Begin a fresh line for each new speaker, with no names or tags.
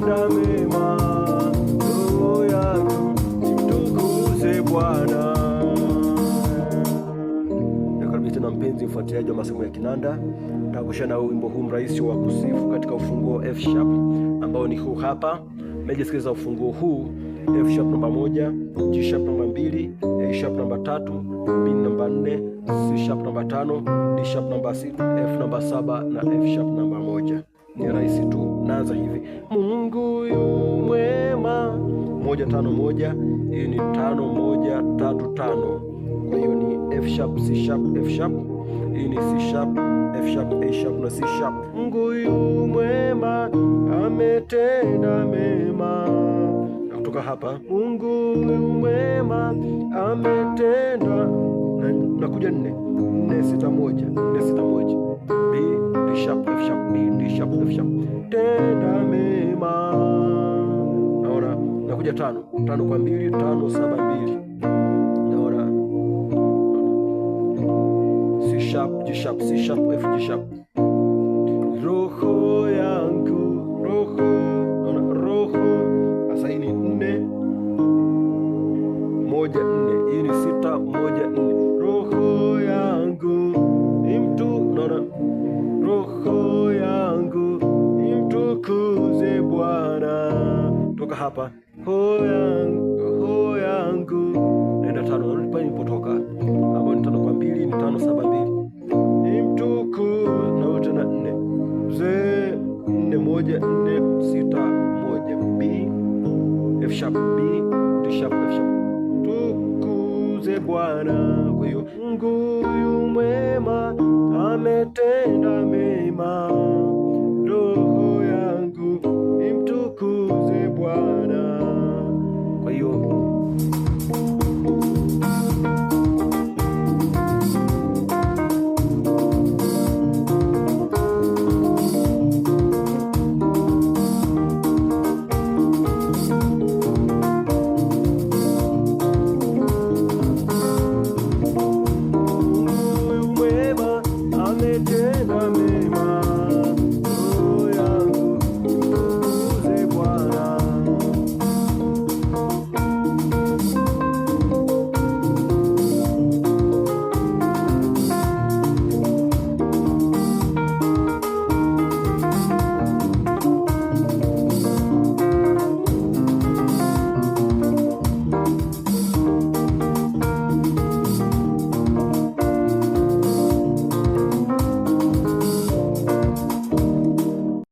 kutenda mema. Roho yangu imtukuze Bwana. Nakaribisha tena mpenzi mfuatiliaji wa masomo ya kinanda, takushana na wimbo huu mrahisi wa kusifu katika ufunguo F sharp ambao ni huu hapa. Mejisikiliza ufunguo huu F sharp namba moja, G sharp namba mbili, A sharp namba tatu, B namba nne, C sharp namba tano, D sharp namba sita, F namba saba na F sharp namba moja ni rahisi tu. Naanza hivi,
Mungu yu mwema,
moja tano moja. Hiyo ni tano moja tatu tano, kwa hiyo ni F sharp C sharp F sharp. Hii ni C sharp F sharp A sharp na C sharp.
Mungu yu mwema, ametenda mema.
Na kutoka hapa
Mungu yu mwema, ametenda,
nakuja nne nne sita moja nne sita moja sharp Naona nakuja tano tano kwa mbili tano saba mbili. Naona C sharp G sharp C sharp F G sharp.
Roho yangu roho
naona roho. Sasa hii ni nne moja nne, hii ni sita moja nne roho hapa
ho yangu ho yangu,
naenda tano, narudi pale nilipotoka, hapo, ni tano kwa mbili ni tano saba mbili,
ni mtuku
na na nne mzee nne moja nne sita moja B F sharp B D sharp F sharp,
tukuze Bwana. Kwa hiyo Mungu yu mwema, ametenda mema